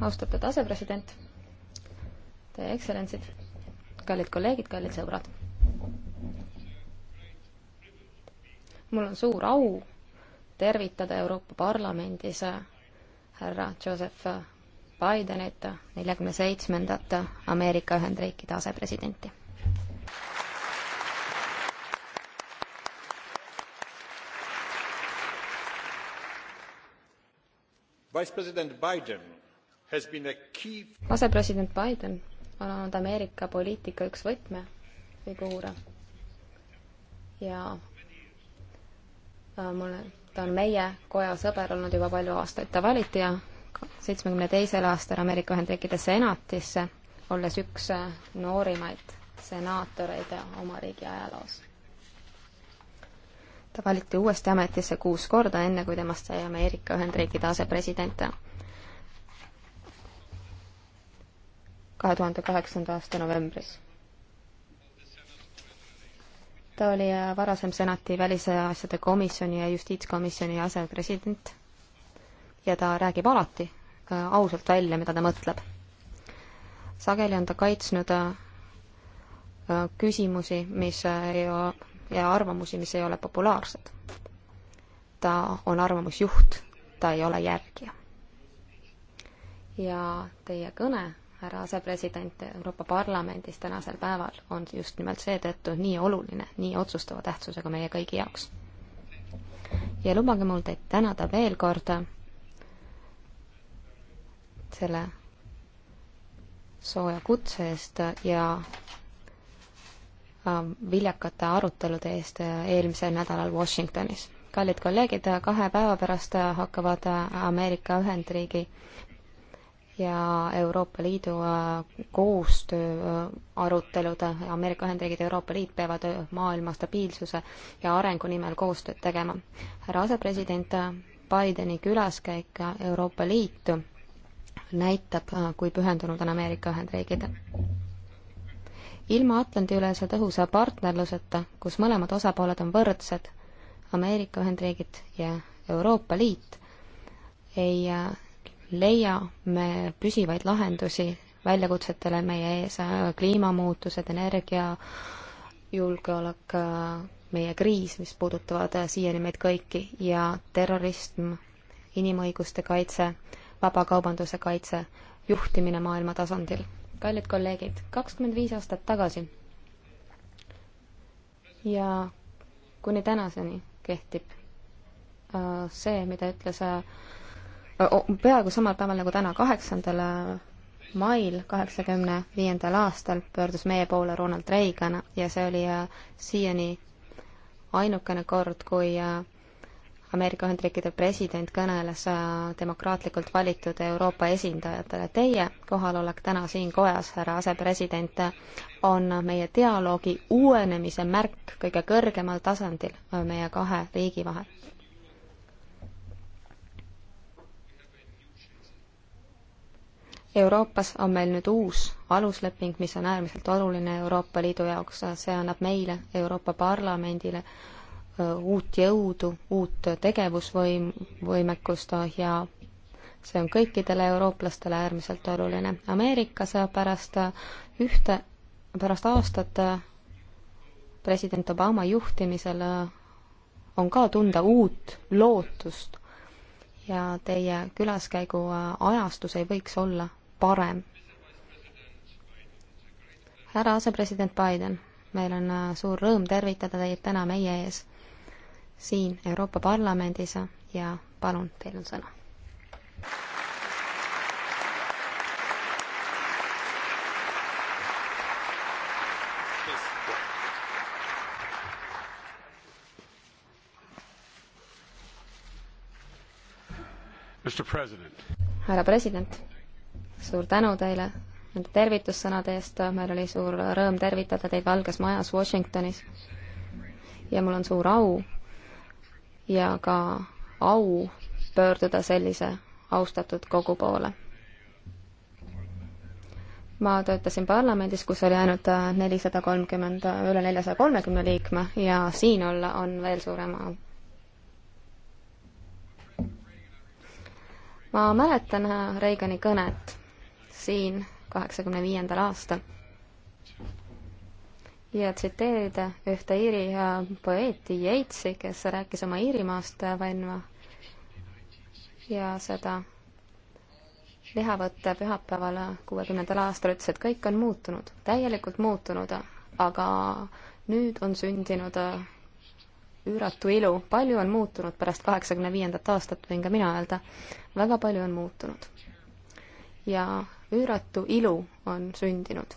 austatud asepresident, teie ekstsellentsid, kallid kolleegid, kallid sõbrad. mul on suur au tervitada Euroopa Parlamendis härra Joseph Bidenit, neljakümne seitsmendat Ameerika Ühendriikide asepresidenti key... asepresident Biden on olnud Ameerika poliitika üks võtmefiguure ja äh, mulle, ta on meie koja sõber olnud juba palju aastaid, ta valiti ja seitsmekümne teisel aastal Ameerika Ühendriikide senatisse, olles üks äh, noorimaid senaatoreid oma riigi ajaloos ta valiti uuesti ametisse kuus korda, enne kui temast sai Ameerika Ühendriikide asepresident. kahe tuhande kaheksanda aasta novembris. ta oli äh, varasem senati välisasjade komisjoni ja justiitskomisjoni asepresident ja ta räägib alati äh, ausalt välja, mida ta mõtleb. sageli on ta kaitsnud äh, küsimusi, mis ei ole ja arvamusi, mis ei ole populaarsed. ta on arvamusjuht, ta ei ole järgija. ja teie kõne, härra asepresident Euroopa Parlamendis tänasel päeval on just nimelt seetõttu nii oluline, nii otsustava tähtsusega meie kõigi jaoks. ja lubage mul teid tänada veel kord selle sooja kutse eest ja Äh, viljakate arutelude eest äh, eelmisel nädalal Washingtonis. kallid kolleegid, kahe päeva pärast äh, hakkavad Ameerika Ühendriigi ja Euroopa Liidu koostöö arutelud, Ameerika Ühendriigid ja Euroopa Liit peavad maailma stabiilsuse ja arengu nimel koostööd tegema. härra asepresident, Bideni külaskäik Euroopa Liitu näitab, kui pühendunud on Ameerika Ühendriigid ilma Atlandi-ülese tõhusa partnerluseta, kus mõlemad osapooled on võrdsed, Ameerika Ühendriigid ja Euroopa Liit, ei äh, leia me püsivaid lahendusi väljakutsetele meie ees, äh, kliimamuutused, energia, julgeolek, äh, meie kriis, mis puudutavad siiani meid kõiki, ja terrorism, inimõiguste kaitse, vabakaubanduse kaitse, juhtimine maailma tasandil kallid kolleegid, kakskümmend viis aastat tagasi ja kuni tänaseni kehtib äh, see, mida ütles äh, peaaegu samal päeval nagu täna, kaheksandal äh, mail kaheksakümne viiendal aastal pöördus meie poole Ronald Reagan ja see oli siiani ainukene kord, kui Ameerika Ühendriikide president kõneles äh, demokraatlikult valitud Euroopa esindajatele. Teie kohalolek täna siin kojas, härra asepresident, on meie dialoogi uuenemise märk kõige kõrgemal tasandil äh, meie kahe riigi vahel. Euroopas on meil nüüd uus alusleping, mis on äärmiselt oluline Euroopa Liidu jaoks, see annab meile, Euroopa Parlamendile, Äh, uut jõudu, uut tegevusvõim, võimekust ja see on kõikidele eurooplastele äärmiselt oluline. Ameerikas pärast ühte, pärast aastat äh, president Obama juhtimisel äh, on ka tunda uut lootust ja teie külaskäigu ajastus ei võiks olla parem. härra asepresident Biden, meil on suur rõõm tervitada teid täna meie ees siin Euroopa Parlamendis ja palun, teil on sõna. härra president, suur tänu teile nende tervitussõnade eest, meil oli suur rõõm tervitada teid Valges Majas Washingtonis ja mul on suur au ja ka au pöörduda sellise austatud kogu poole. ma töötasin parlamendis, kus oli ainult äh, nelisada kolmkümmend, üle neljasaja kolmekümne liikme ja siin olla on veel suurem au. ma mäletan äh, Reagani kõnet siin kaheksakümne viiendal aastal ja tsiteerida ühte Iiri äh, poeeti Yeatsi, kes rääkis oma Iirimaast äh, Venma ja seda lihavõtte pühapäeval äh, kuuekümnendal aastal ütles, et kõik on muutunud, täielikult muutunud, aga nüüd on sündinud üüratu ilu, palju on muutunud pärast kaheksakümne viiendat aastat, võin ka mina öelda, väga palju on muutunud. ja üüratu ilu on sündinud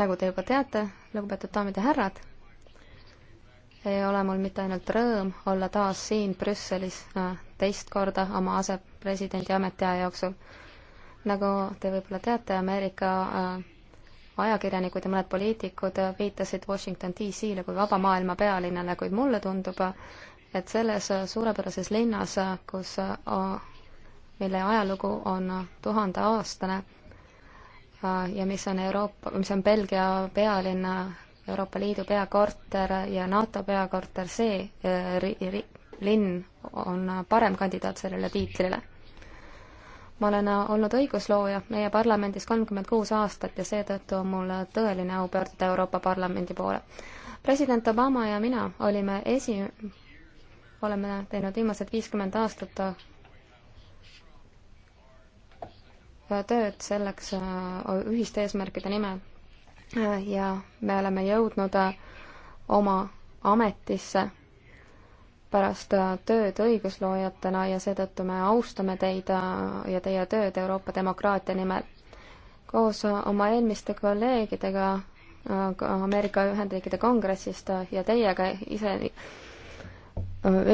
nagu te juba teate, lugupeetud daamid ja härrad, ei ole mul mitte ainult rõõm olla taas siin Brüsselis äh, teist korda oma asepresidendi ametiaja jooksul. nagu te võib-olla teate, Ameerika äh, ajakirjanikud ja mõned poliitikud äh, viitasid Washington DC-le kui vaba maailma pealinnale, kuid mulle tundub, et selles suurepärases linnas, kus, mille ajalugu on tuhandeaastane, ja mis on Euroopa, mis on Belgia pealinna, Euroopa Liidu peakorter ja NATO peakorter, see äh, ri, ri, linn on parem kandidaat sellele tiitlile. ma olen äh, olnud õiguslooja meie parlamendis kolmkümmend kuus aastat ja seetõttu on mul äh, tõeline au pöörduda Euroopa Parlamendi poole. president Obama ja mina olime esi, oleme teinud viimased viiskümmend aastat teeb tööd selleks äh, ühiste eesmärkide nimel äh, ja me oleme jõudnud äh, oma ametisse pärast tööd õigusloojatena ja seetõttu me austame teid ja teie tööd Euroopa demokraatia nimel. koos oma eelmiste kolleegidega Ameerika Ühendriikide Kongressist ja teiega ise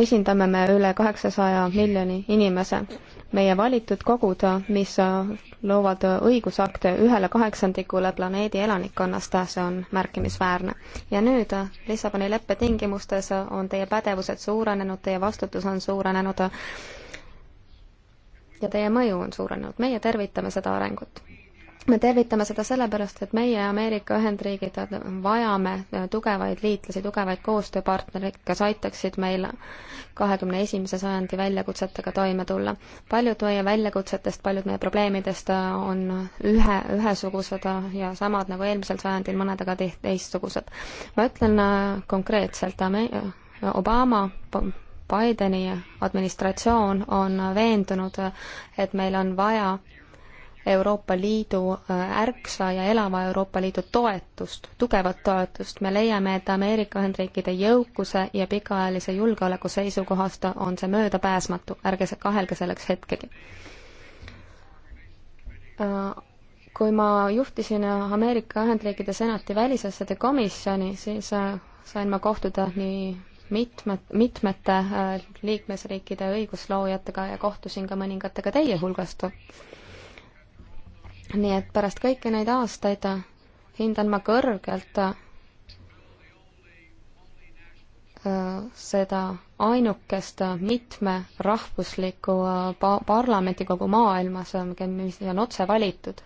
esindame me üle kaheksasaja miljoni inimese. meie valitud kogud, mis loovad õigusakte ühele kaheksandikule planeedi elanikkonnast, see on märkimisväärne. ja nüüd Lissaboni leppe tingimustes on teie pädevused suurenenud, teie vastutus on suurenenud ja teie mõju on suurenenud. meie tervitame seda arengut me tervitame seda sellepärast, et meie Ameerika Ühendriigid vajame tugevaid liitlasi, tugevaid koostööpartnereid, kes aitaksid meil kahekümne esimese sajandi väljakutsetega toime tulla. paljud meie väljakutsetest, paljud meie probleemidest on ühe, ühesugused ja samad nagu eelmisel sajandil, mõned aga teistsugused. ma ütlen äh, konkreetselt, Obama Bideni administratsioon on veendunud, et meil on vaja Euroopa Liidu äh, ärksa ja elava Euroopa Liidu toetust, tugevat toetust. me leiame, et Ameerika Ühendriikide jõukuse ja pikaajalise julgeoleku seisukohast on see möödapääsmatu, ärge kahelge selleks hetkegi. Äh, kui ma juhtisin Ameerika Ühendriikide senati välisasjade komisjoni, siis äh, sain ma kohtuda nii mitmed, mitmete liikmesriikide õigusloojatega ja kohtusin ka mõningatega teie hulgast nii et pärast kõiki neid aastaid hindan ma kõrgelt äh, seda ainukest mitmerahvuslikku äh, parlamenti kogu maailmas, mis on otse valitud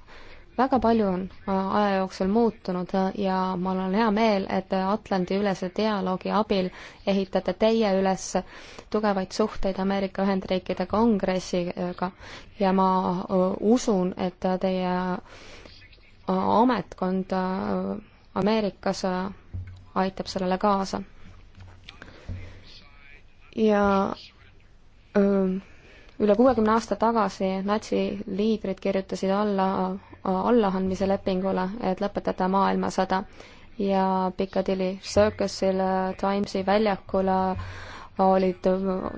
väga palju on äh, aja jooksul muutunud äh, ja mul on hea meel, et äh, Atlandi-ülese dialoogi abil ehitate teie üles tugevaid suhteid Ameerika Ühendriikide Kongressiga ja ma usun, et teie ametkond Ameerikas aitab sellele kaasa. ja öö, üle kuuekümne aasta tagasi natsiliidrid kirjutasid alla allaandmise lepingule, et lõpetada maailmasõda ja Piccadilly Circusil Timesi väljakul äh, olid äh,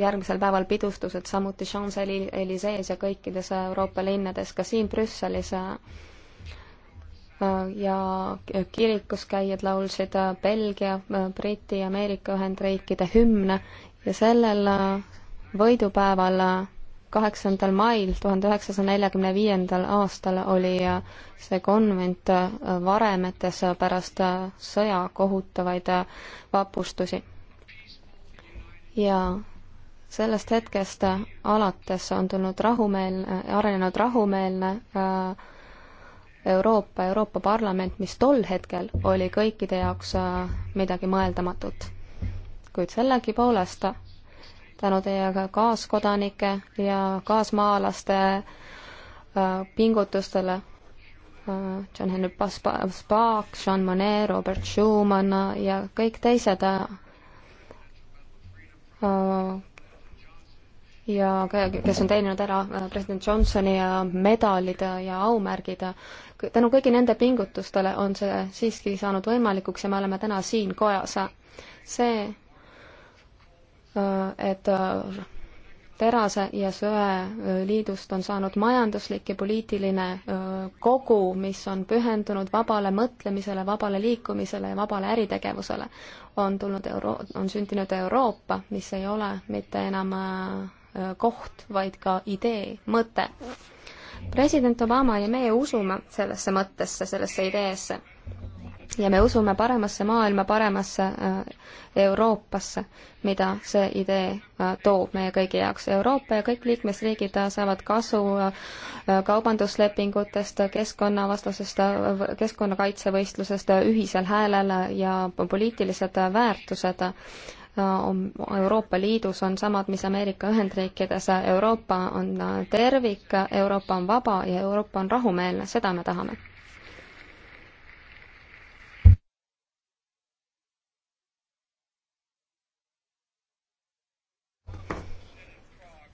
järgmisel päeval pidustused samuti Champs-Élysées ja kõikides Euroopa linnades, ka siin Brüsselis äh, ja kirikus käijad laulsid Belgia, Briti, Ameerika Ühendriikide hümne ja sellel võidupäeval kaheksandal mail tuhande üheksasaja neljakümne viiendal aastal oli äh, see konvent äh, varemetes äh, pärast sõja kohutavaid vapustusi. ja sellest hetkest alates on tulnud rahumeelne, arenenud rahumeelne Euroopa, Euroopa Parlament, mis tol hetkel oli kõikide jaoks midagi mõeldamatut. kuid sellegipoolest tänu teie kaaskodanike ja kaasmaalaste äh, pingutustele äh, John Henry Spaak, Jean Monnet, Robert Schumann äh, ja kõik teised ja kes on teeninud ära president Johnsoni medalid ja aumärgid. tänu kõigi nende pingutustele on see siiski saanud võimalikuks ja me oleme täna siin kojas. see Äh, et äh, terase ja söe äh, liidust on saanud majanduslik ja poliitiline kogu, mis on pühendunud vabale mõtlemisele, vabale liikumisele ja vabale äritegevusele. on tulnud euro-, on sündinud Euroopa, mis ei ole mitte enam koht, vaid ka idee, mõte. president Obama ja meie usume sellesse mõttesse, sellesse ideesse ja me usume paremasse maailma, paremasse äh, Euroopasse, mida see idee äh, toob meie kõigi jaoks. Euroopa ja kõik liikmesriigid äh, saavad kasu kaubanduslepingutest, keskkonnavastasest, keskkonnakaitsevõistlusest, ühisel häälel ja poliitilised väärtused Euroopa Liidus on samad, mis Ameerika Ühendriikides. Euroopa on tervik, Euroopa on vaba ja Euroopa on rahumeelne, seda me tahame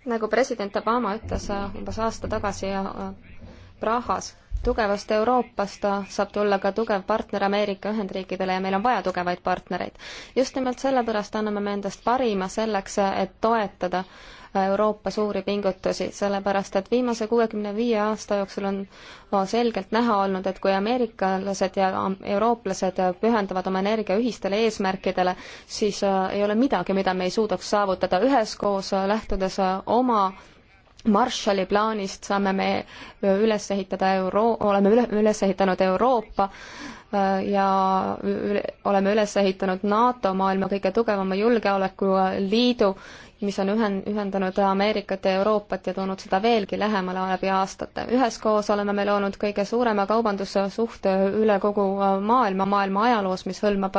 nagu president Obama ütles äh, umbes aasta tagasi äh, Prahas, tugevast Euroopast äh, saab tulla ka tugev partner Ameerika Ühendriikidele ja meil on vaja tugevaid partnereid. just nimelt sellepärast anname me endast parima selleks, et toetada äh, Euroopa suuri pingutusi, sellepärast et viimase kuuekümne viie aasta jooksul on selgelt näha olnud, et kui ameeriklased ja eurooplased pühendavad oma energia ühistele eesmärkidele, siis äh, ei ole midagi, mida me ei suudaks saavutada üheskoos, äh, lähtudes äh, oma Marshalli plaanist saame me üles ehitada euro-, oleme üle, üles ehitanud Euroopa ja üle, oleme üles ehitanud NATO, maailma kõige tugevama julgeolekuliidu mis on ühen-, ühendanud Ameerikat ja Euroopat ja toonud seda veelgi lähemale läbi aastate. üheskoos oleme me loonud kõige suurema kaubandussuhte üle kogu äh, maailma, maailma ajaloos, mis hõlmab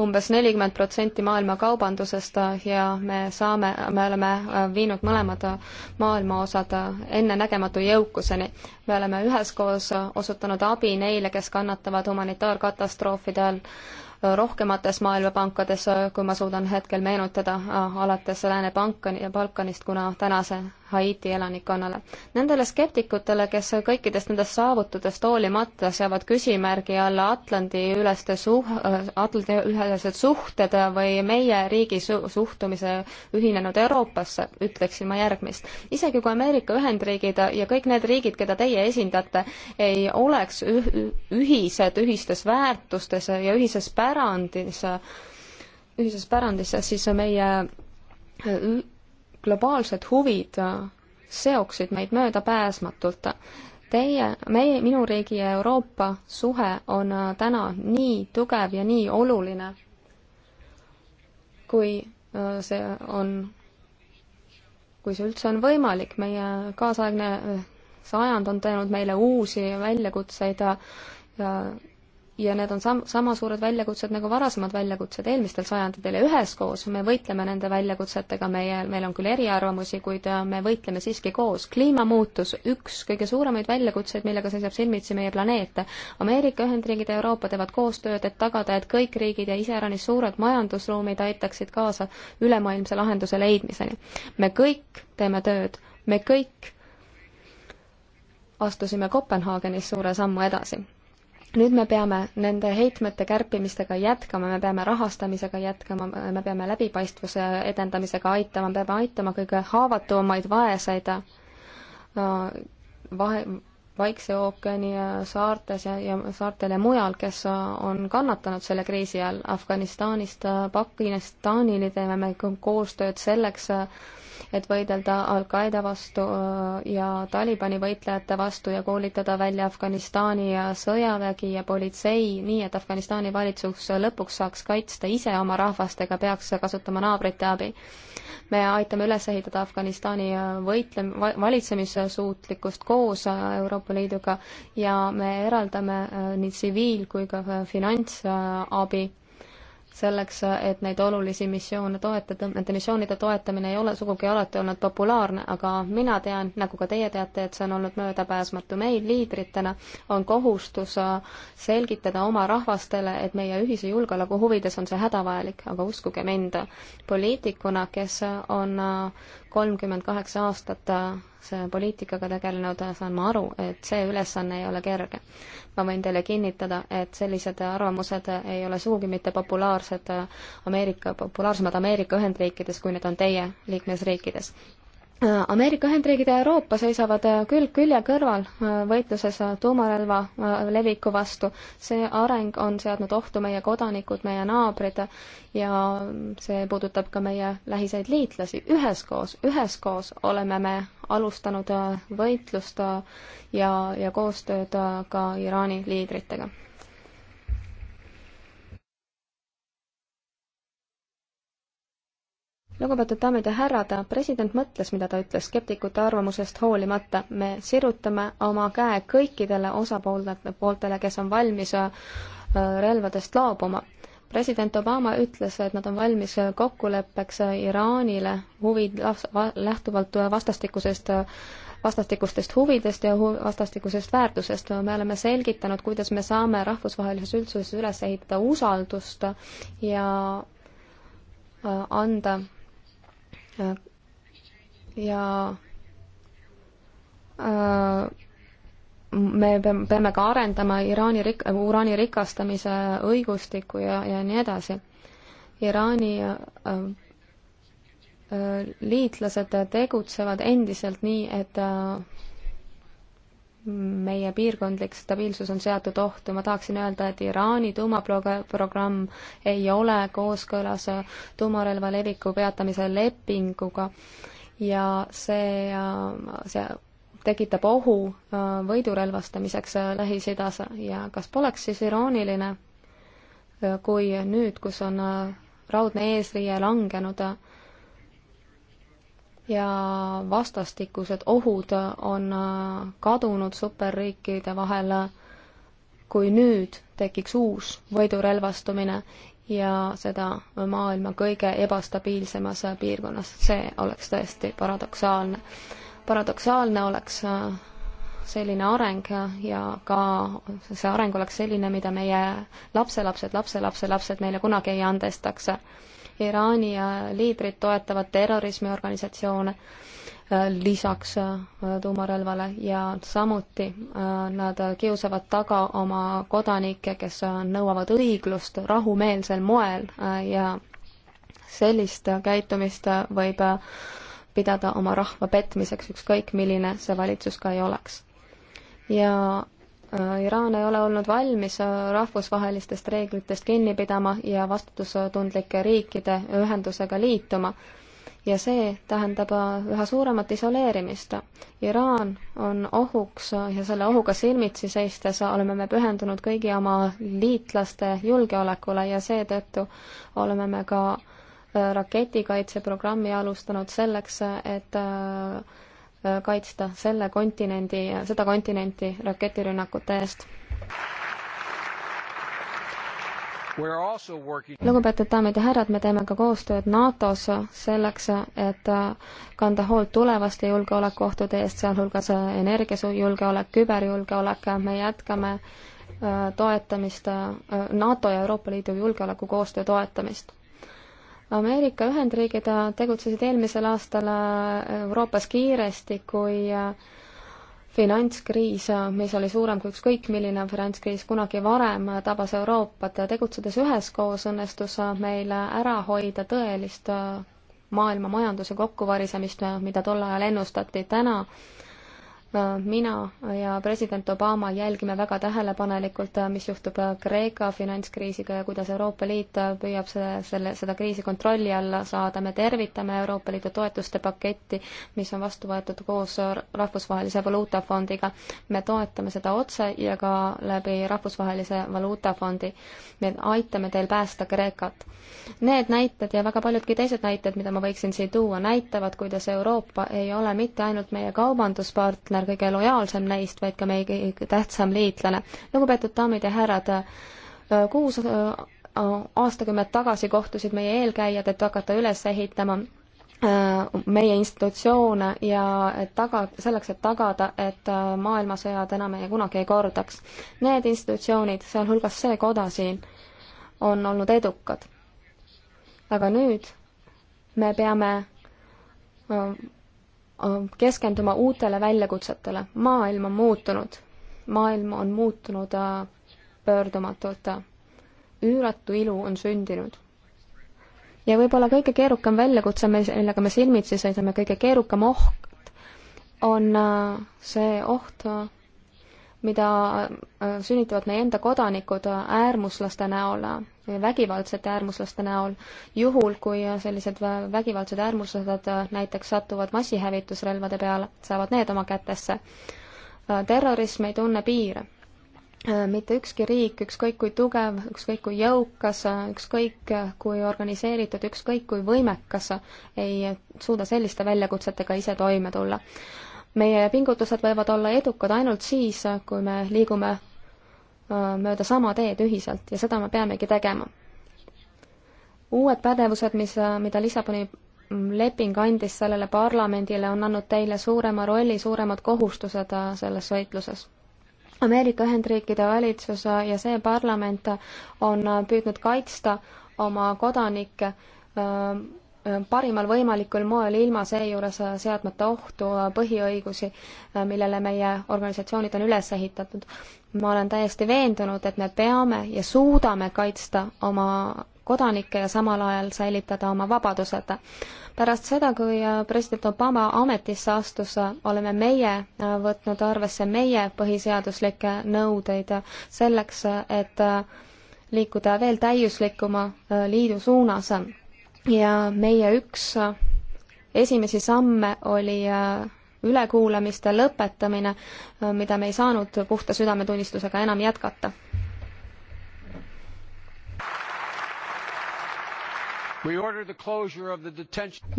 umbes nelikümmend protsenti maailma kaubandusest äh, ja me saame, me oleme äh, viinud mõlemad maailmaosad ennenägematu jõukuseni. me oleme üheskoos osutanud abi neile, kes kannatavad humanitaarkatastroofide all rohkemates maailmapankades, kui ma suudan hetkel meenutada, alates Lääne-Balkanist, kuna tänase Haiti elanikkonnale. Nendele skeptikutele, kes kõikidest nendest saavutudest hoolimata seavad küsimärgi alla Atlandi-üleste suh-, Atlandi-ülesed suhted või meie riigi su-, suhtumise ühinenud Euroopasse, ütleksin ma järgmist. isegi kui Ameerika Ühendriigid ja kõik need riigid, keda teie esindate, ei oleks üh-, ühised ühistes väärtustes ja ühises pärandis, ühises pärandis, siis meie globaalsed huvid äh, seoksid meid möödapääsmatult. Teie, meie, minu riigi ja Euroopa suhe on äh, täna nii tugev ja nii oluline, kui äh, see on, kui see üldse on võimalik, meie kaasaegne sajand on teinud meile uusi väljakutseid ja, ja ja need on sam-, sama suured väljakutsed nagu varasemad väljakutsed eelmistel sajanditel ja üheskoos me võitleme nende väljakutsetega, meie, meil on küll eriarvamusi, kuid äh, me võitleme siiski koos. kliimamuutus, üks kõige suuremaid väljakutseid, millega seisab silmitsi meie planeet. Ameerika Ühendriigid ja Euroopa teevad koostööd, et tagada, et kõik riigid ja iseäranis suured majandusruumid aitaksid kaasa ülemaailmse lahenduse leidmiseni. me kõik teeme tööd, me kõik astusime Kopenhaagenis suure sammu edasi nüüd me peame nende heitmete kärpimistega jätkama, me peame rahastamisega jätkama, me peame läbipaistvuse edendamisega aitama, me peame aitama kõige haavatavamaid vaeseid äh, vahe, Vaikse ookeani äh, saartes ja, ja saartel ja mujal, kes äh, on kannatanud selle kriisi all. Afganistanist, Pakistanini teeme me koostööd selleks, et võidelda Al-Qaeda vastu äh, ja Talibani võitlejate vastu ja koolitada välja Afganistani äh, sõjavägi ja politsei, nii et Afganistani valitsus äh, lõpuks saaks kaitsta ise oma rahvast ega peaks kasutama naabrite abi. me aitame üles ehitada Afganistani võitle-, valitsemissuutlikkust koos Euroopa Liiduga ja me eraldame nii tsiviil- kui ka finantsabi selleks, et neid olulisi missioone toetada, nende missioonide toetamine ei ole sugugi alati olnud populaarne, aga mina tean, nagu ka teie teate, et see on olnud möödapääsmatu. meil liidritena on kohustus selgitada oma rahvastele, et meie ühise julgeoleku huvides on see hädavajalik, aga uskuge mind, poliitikuna, kes on kolmkümmend kaheksa aastat äh, see poliitikaga tegelenud, saan ma aru, et see ülesanne ei ole kerge. ma võin teile kinnitada, et sellised arvamused ei ole sugugi mitte populaarsed äh, Ameerika, populaarsemad Ameerika Ühendriikides, kui need on teie liikmesriikides. Ameerika Ühendriigid ja Euroopa seisavad äh, külg külje kõrval äh, võitluses äh, tuumarelva leviku vastu. see areng on seadnud ohtu meie kodanikud, meie naabrid ja see puudutab ka meie lähiseid liitlasi. üheskoos, üheskoos oleme me alustanud võitlust ja, ja koostööd ka Iraani liidritega lugupeetud daamid ja härrad, president mõtles, mida ta ütles skeptikute arvamusest hoolimata. me sirutame oma käe kõikidele osapooltele, kes on valmis äh, relvadest loobuma. president Obama ütles, et nad on valmis kokkuleppeks äh, Iraanile huvid lähtuvalt äh, vastastikusest vastastikustest huvidest ja hu vastastikusest väärtusest. me oleme selgitanud, kuidas me saame rahvusvahelises üldsuses üles ehitada usaldust ja anda ja äh, me peame ka arendama Iraani rik-, uraani rikastamise õigustikku ja, ja nii edasi. Iraani äh, äh, liitlased tegutsevad endiselt nii, et meie piirkondlik stabiilsus on seatud ohtu, ma tahaksin öelda, et Iraani tuumaprogramm ei ole kooskõlas tuumarelva leviku peatamise lepinguga ja see, see tekitab ohu äh, võidurelvastamiseks äh, Lähis-Idas ja kas poleks siis irooniline, äh, kui nüüd, kus on raudne eesriie langenud, ja vastastikused ohud on äh, kadunud superriikide vahel, äh, kui nüüd tekiks uus võidurelvastumine ja seda maailma kõige ebastabiilsemas äh, piirkonnas, see oleks tõesti paradoksaalne. paradoksaalne oleks selline areng ja ka see areng oleks selline, mida meie lapselapsed, lapselapselapsed meile kunagi ei andestaks Iraani liidrid toetavad terrorismiorganisatsioone äh, lisaks äh, tuumarelvale ja samuti äh, nad kiusavad taga oma kodanikke, kes nõuavad õiglust rahumeelsel moel ja sellist käitumist võib pidada oma rahva petmiseks, ükskõik milline see valitsus ka ei oleks. ja Iraan ei ole olnud valmis äh, rahvusvahelistest reeglitest kinni pidama ja vastutustundlike riikide ühendusega liituma. ja see tähendab äh, üha suuremat isoleerimist. Iraan on ohuks äh, ja selle ohuga silmitsi seistes oleme me pühendunud kõigi oma liitlaste julgeolekule ja seetõttu oleme me ka raketikaitseprogrammi alustanud selleks, et Äh, kaitsta selle kontinendi, seda kontinenti raketirünnakute eest. lugupeetud daamid ja härrad, me teeme ka koostööd NATO-s selleks, et äh, kanda hoolt tulevaste julgeolekuohtude eest, sealhulgas äh, energiajulgeolek, küberjulgeolek, me jätkame toetamist, NATO ja Euroopa Liidu julgeolekukoostöö toetamist Ameerika Ühendriigid äh, tegutsesid eelmisel aastal äh, Euroopas kiiresti, kui äh, finantskriis, mis oli suurem kui ükskõik milline finantskriis kunagi varem, tabas Euroopat ja tegutsedes üheskoos õnnestus meil ära hoida tõelist maailma majanduse kokkuvarisemist, mida tol ajal ennustati. täna Äh, mina ja president Obama jälgime väga tähelepanelikult, äh, mis juhtub äh, Kreeka finantskriisiga ja kuidas Euroopa Liit püüab selle, selle, seda kriisi kontrolli alla saada. me tervitame Euroopa Liidu toetuste paketti, mis on vastu võetud koos Rahvusvahelise Valuutafondiga. me toetame seda otse ja ka läbi Rahvusvahelise Valuutafondi. me aitame teil päästa Kreekat. Need näited ja väga paljudki teised näited, mida ma võiksin siin tuua, näitavad, kuidas Euroopa ei ole mitte ainult meie kaubanduspartner, Ungar kõige lojaalsem neist, vaid ka meie kõige tähtsam liitlane. lugupeetud daamid ja härrad, kuus äh, aastakümmet tagasi kohtusid meie eelkäijad, et hakata üles ehitama äh, meie institutsioone ja et taga, selleks, et tagada, et äh, maailmasõjad enam ei, kunagi ei kordaks. Need institutsioonid, sealhulgas see koda siin, on olnud edukad. aga nüüd me peame Äh, keskenduma uutele väljakutsetele. maailm on muutunud. maailm on muutunud äh, pöördumatult. üüratu ilu on sündinud. ja võib-olla kõige keerukam väljakutse, millega me silmitsi seisame, kõige keerukam oht on äh, see oht, mida äh, sünnitavad meie enda kodanikud äh, äärmuslaste näol, äh, vägivaldsete äärmuslaste näol, juhul kui sellised vägivaldsed äärmuslased näiteks satuvad massihävitusrelvade peale, saavad need oma kätesse. terrorism ei tunne piire. mitte ükski riik, ükskõik kui tugev, ükskõik kui jõukas, ükskõik kui organiseeritud, ükskõik kui võimekas, ei suuda selliste väljakutsetega ise toime tulla meie pingutused võivad olla edukad ainult siis, kui me liigume äh, mööda sama teed ühiselt ja seda me peamegi tegema. uued pädevused, mis, äh, mida Lissaboni mm, leping andis sellele parlamendile, on andnud teile suurema rolli, suuremad kohustused äh, selles võitluses. Ameerika Ühendriikide valitsus ja see parlament on püüdnud kaitsta oma kodanikke parimal võimalikul moel, ilma seejuures seadmata ohtu põhiõigusi, millele meie organisatsioonid on üles ehitatud. ma olen täiesti veendunud, et me peame ja suudame kaitsta oma kodanikke ja samal ajal säilitada oma vabadused. pärast seda, kui president Obama ametisse astus, oleme meie võtnud arvesse meie põhiseaduslikke nõudeid selleks, et liikuda veel täiuslikuma liidu suunas ja meie üks äh, esimesi samme oli äh, ülekuulamiste lõpetamine, äh, mida me ei saanud puhta südametunnistusega enam jätkata.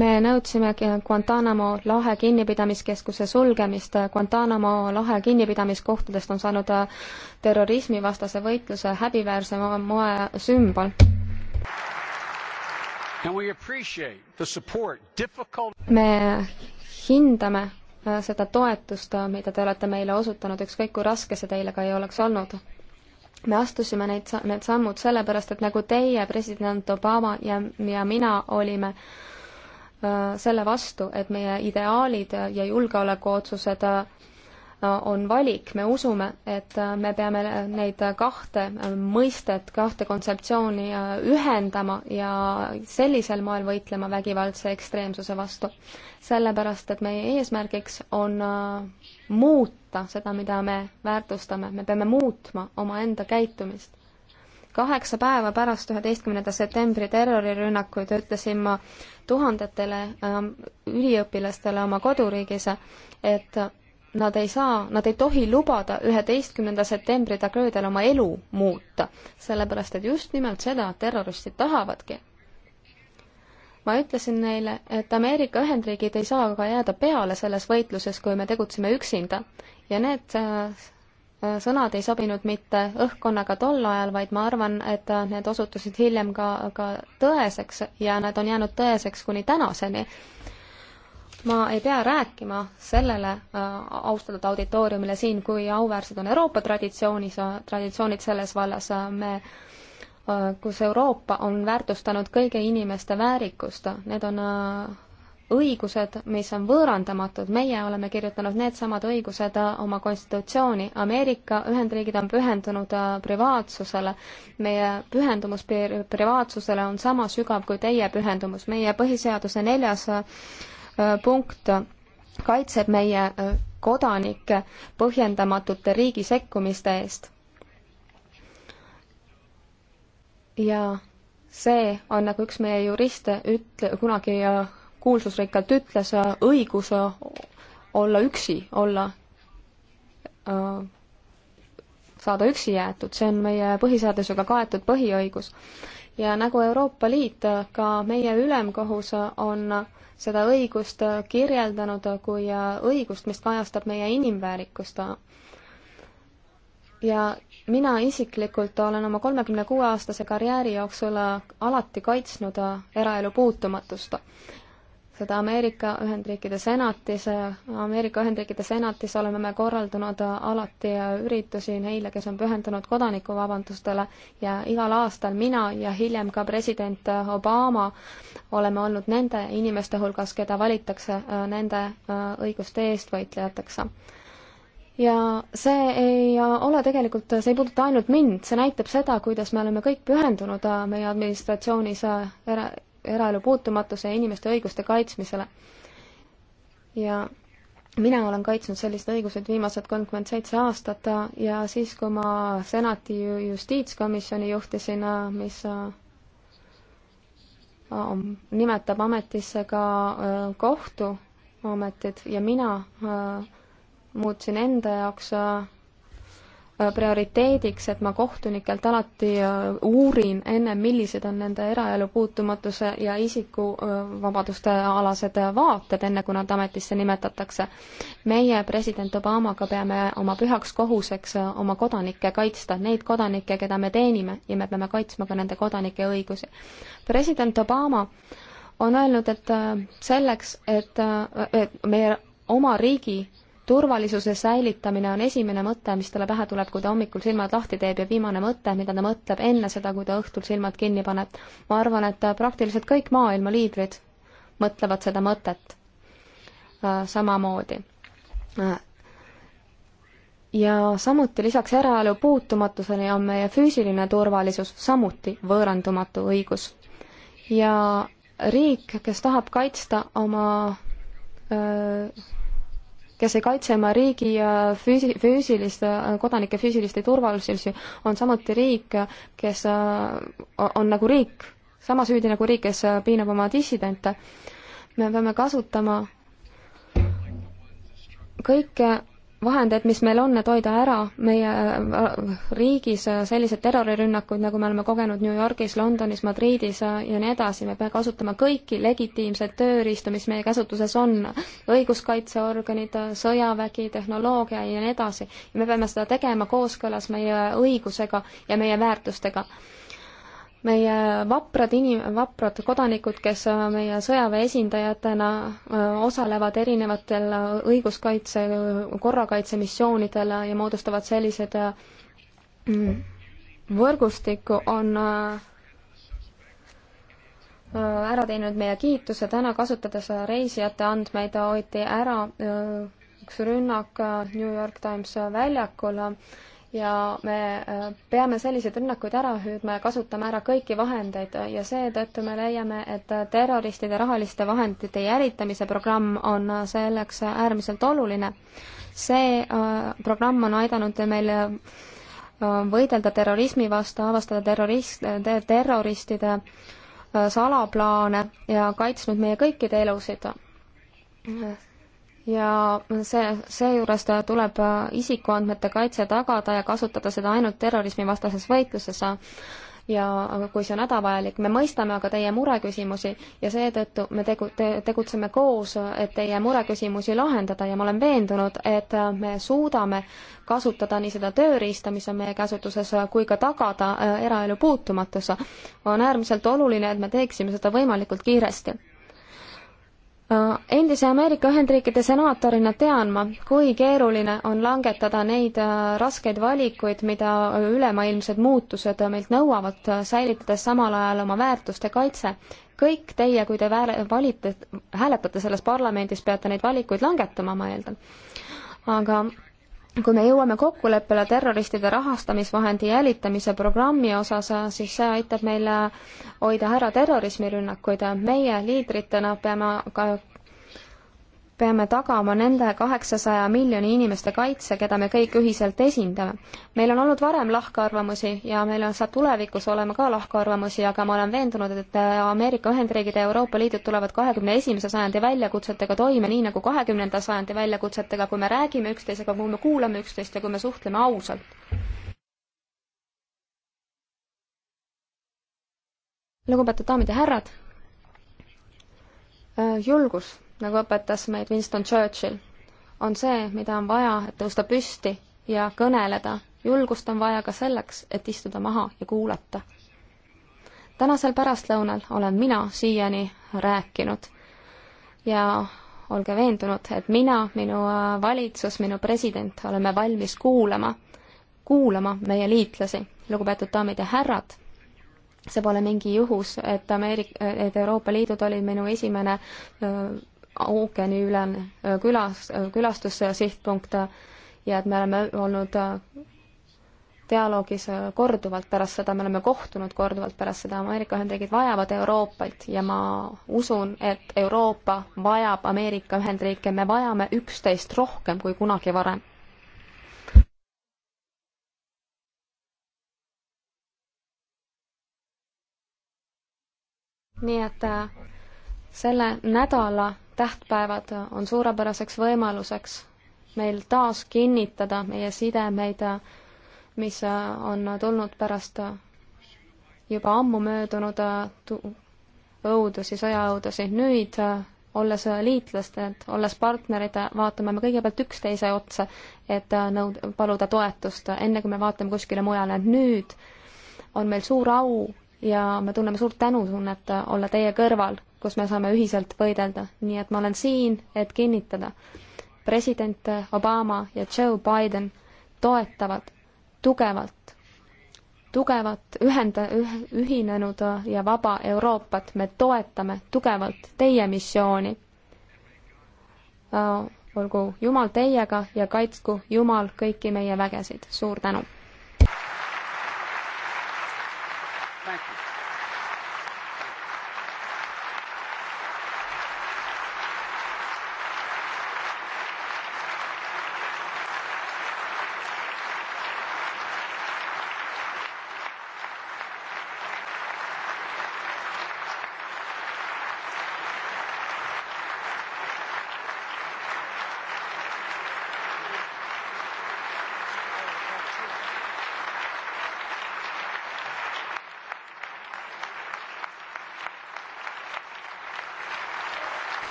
me nõudsime Guantanamo lahe kinnipidamiskeskuse sulgemist. Guantanamo lahe kinnipidamiskohtadest on saanud terrorismivastase võitluse häbiväärse moe sümbol me hindame äh, seda toetust, äh, mida te olete meile osutanud, ükskõik kui raske see teile ka ei oleks olnud. me astusime neid, need sammud sellepärast, et nagu teie, president Obama ja, ja mina olime äh, selle vastu, et meie ideaalid ja julgeolekuotsused on valik, me usume, et me peame neid kahte mõistet, kahte kontseptsiooni ühendama ja sellisel moel võitlema vägivaldse ekstreemsuse vastu. sellepärast, et meie eesmärgiks on äh, muuta seda, mida me väärtustame, me peame muutma omaenda käitumist kaheksa päeva pärast üheteistkümnenda septembri terrorirünnakuid ütlesin ma tuhandetele ähm, üliõpilastele oma koduriigis, et nad ei saa, nad ei tohi lubada üheteistkümnenda septembri tragöödial oma elu muuta, sellepärast et just nimelt seda terroristid tahavadki. ma ütlesin neile, et Ameerika Ühendriigid ei saa ka jääda peale selles võitluses, kui me tegutseme üksinda ja need äh, äh, sõnad ei sobinud mitte õhkkonnaga tol ajal, vaid ma arvan, et äh, need osutusid hiljem ka, ka tõeseks ja nad on jäänud tõeseks kuni tänaseni ma ei pea rääkima sellele äh, austatud auditooriumile siin, kui auväärsed on Euroopa traditsioonis, äh, traditsioonid selles vallas, äh, me kus Euroopa on väärtustanud kõigi inimeste väärikust, need on õigused, mis on võõrandamatud, meie oleme kirjutanud needsamad õigused oma konstitutsiooni, Ameerika Ühendriigid on pühendunud privaatsusele, meie pühendumus privaatsusele on sama sügav kui teie pühendumus, meie põhiseaduse neljas Äh, punkt äh, kaitseb meie äh, kodanikke põhjendamatute riigi sekkumiste eest. ja see on, nagu üks meie juriste ütle, kunagi kuulsusrikkalt ütles, õigus olla üksi, olla, saada üksi jäetud, see on meie põhiseadusega kaetud põhiõigus. ja nagu Euroopa Liit, ka meie ülemkohus on seda õigust äh, kirjeldanud äh, kui äh, õigust, mis kajastab meie inimväärikust. ja mina isiklikult olen oma kolmekümne kuue aastase karjääri jooksul alati kaitsnud eraelu puutumatust seda Ameerika Ühendriikide senatis, Ameerika Ühendriikide senatis oleme me korraldanud alati üritusi neile, kes on pühendunud kodanikuvabandustele ja igal aastal mina ja hiljem ka president Obama oleme olnud nende inimeste hulgas, keda valitakse äh, nende äh, õiguste eestvõitlejateks ja see ei äh, ole tegelikult, see ei puuduta ainult mind, see näitab seda, kuidas me oleme kõik pühendunud meie administratsioonis eraelu puutumatuse ja inimeste õiguste kaitsmisele. ja mina olen kaitsnud sellised õigused viimased kolmkümmend seitse aastat ja siis, kui ma senati justiitskomisjoni juhtisin, mis äh, nimetab ametisse ka äh, kohtuametid ja mina äh, muutsin enda jaoks prioriteediks, et ma kohtunikelt alati äh, uurin enne, millised on nende eraelu puutumatuse ja isikuvabaduste äh, alased äh, vaated, enne kui nad ametisse nimetatakse. meie president Obamaga peame oma pühaks kohuseks oma kodanikke kaitsta, neid kodanikke, keda me teenime ja me peame kaitsma ka nende kodanike õigusi. president Obama on öelnud, et selleks, et meie oma riigi turvalisuse säilitamine on esimene mõte, mis talle pähe tuleb, kui ta hommikul silmad lahti teeb ja viimane mõte, mida ta mõtleb enne seda, kui ta õhtul silmad kinni paneb. ma arvan, et praktiliselt kõik maailma liidrid mõtlevad seda mõtet äh, samamoodi. ja samuti lisaks eraelu puutumatuseni on meie füüsiline turvalisus samuti võõrandumatu õigus. ja riik, kes tahab kaitsta oma öö, äh, kes ei kaitse oma riigi äh, füüsi-, füüsilist, äh, kodanike füüsiliste turvalisusi, on samuti riik, kes äh, on nagu riik, sama süüdi nagu riik, kes piinab oma dissidente. me peame kasutama kõike vahendeid, mis meil on, et hoida ära meie äh, riigis äh, selliseid terrorirünnakuid, nagu me oleme kogenud New Yorgis, Londonis, Madridis äh, ja nii edasi, me peame kasutama kõiki legitiimseid tööriistu, mis meie käsutuses on, õiguskaitseorganid, sõjavägi, tehnoloogia ja nii edasi. ja me peame seda tegema kooskõlas meie õigusega ja meie väärtustega meie vaprad inim-, vaprad kodanikud, kes äh, meie sõjaväe esindajatena äh, osalevad erinevatel äh, õiguskaitse, korrakaitsemissioonidel ja moodustavad sellised mm, võrgustiku, on ära teinud meie kiituse, täna kasutades reisijate andmeid hoiti ära üks rünnak New York Times väljakul ja me äh, peame selliseid rünnakuid ära hüüdma ja kasutama ära kõiki vahendeid ja seetõttu me leiame, et terroristide rahaliste vahendite jälitamise programm on selleks äärmiselt oluline. see äh, programm on aidanud meil äh, võidelda terrorismi vastu, avastada terrorist, terroristide salaplaane ja kaitsnud meie kõikide elusid ja see, seejuures tuleb isikuandmete kaitse tagada ja kasutada seda ainult terrorismivastases võitluses ja kui see on hädavajalik, me mõistame aga teie mureküsimusi ja seetõttu me tegu- te,, tegutseme koos, et teie mureküsimusi lahendada ja ma olen veendunud, et me suudame kasutada nii seda tööriista, mis on meie käsutuses, kui ka tagada äh, eraelu puutumatus. on äärmiselt oluline, et me teeksime seda võimalikult kiiresti Äh, endise Ameerika Ühendriikide senaatorina tean ma, kui keeruline on langetada neid äh, raskeid valikuid, mida äh, ülemaailmsed muutused meilt nõuavad, säilitades samal ajal oma väärtuste kaitse. kõik teie, kui te vääre-, valite, hääletate selles parlamendis, peate neid valikuid langetama, ma eeldan. aga kui me jõuame kokkuleppele terroristide rahastamisvahendi jälitamise programmi osas, siis see aitab meil hoida ära terrorismirünnakuid. meie liidritena peame ka peame tagama nende kaheksasaja miljoni inimeste kaitse, keda me kõik ühiselt esindame. meil on olnud varem lahkarvamusi ja meil on, saab tulevikus olema ka lahkarvamusi, aga ma olen veendunud, et äh, Ameerika Ühendriigid ja Euroopa Liidud tulevad kahekümne esimese sajandi väljakutsetega toime, nii nagu kahekümnenda sajandi väljakutsetega, kui me räägime üksteisega, kui me kuulame üksteist ja kui me suhtleme ausalt. lugupeetud daamid ja härrad, äh, julgus nagu õpetas meid Winston Churchill, on see, mida on vaja, et tõusta püsti ja kõneleda. julgust on vaja ka selleks, et istuda maha ja kuulata. tänasel pärastlõunal olen mina siiani rääkinud ja olge veendunud, et mina, minu äh, valitsus, minu president oleme valmis kuulama, kuulama meie liitlasi, lugupeetud daamid ja härrad, see pole mingi juhus, et Ameerik-, et Euroopa Liidud olid minu esimene öö, ookeaniülene külas, külastussihtpunkt ja et me oleme olnud dialoogis korduvalt pärast seda, me oleme kohtunud korduvalt pärast seda, Ameerika Ühendriigid vajavad Euroopat ja ma usun, et Euroopa vajab Ameerika Ühendriike, me vajame üksteist rohkem kui kunagi varem. nii et äh, selle nädala tähtpäevad on suurepäraseks võimaluseks meil taas kinnitada meie sidemeid, mis on tulnud pärast juba ammu möödunud õudusi, sõjaõudusi. nüüd, olles liitlased, olles partnerid, vaatame me kõigepealt üksteise otsa, et nõud-, paluda toetust, enne kui me vaatame kuskile mujale. nüüd on meil suur au ja me tunneme suurt tänutunnet olla teie kõrval kus me saame ühiselt võidelda. nii et ma olen siin, et kinnitada. president Obama ja Joe Biden toetavad tugevalt, tugevat ühenda-, ühinenud ja vaba Euroopat. me toetame tugevalt teie missiooni. Äh, olgu Jumal teiega ja kaitsku Jumal kõiki meie vägesid. suur tänu!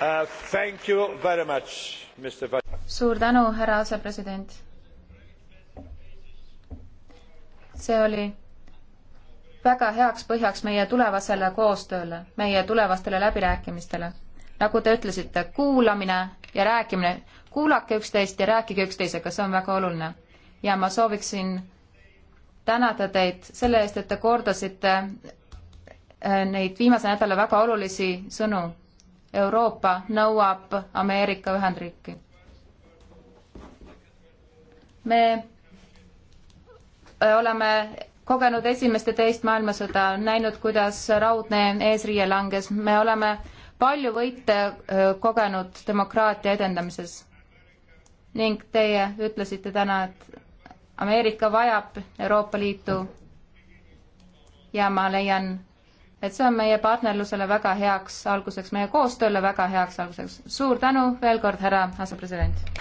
Uh, much, suur tänu, härra asepresident. see oli väga heaks põhjaks meie tulevasele koostööle, meie tulevastele läbirääkimistele. nagu te ütlesite, kuulamine ja rääkimine, kuulake üksteist ja rääkige üksteisega, see on väga oluline. ja ma sooviksin tänada teid selle eest, et te kordasite äh, neid viimase nädala väga olulisi sõnu Euroopa nõuab Ameerika Ühendriiki. me äh, oleme kogenud esimest ja teist maailmasõda, näinud, kuidas raudne eesriie langes, me oleme palju võite äh, kogenud demokraatia edendamises. ning teie ütlesite täna, et Ameerika vajab Euroopa Liitu ja ma leian et see on meie partnerlusele väga heaks alguseks, meie koostööle väga heaks alguseks. suur tänu veel kord, härra asepresident!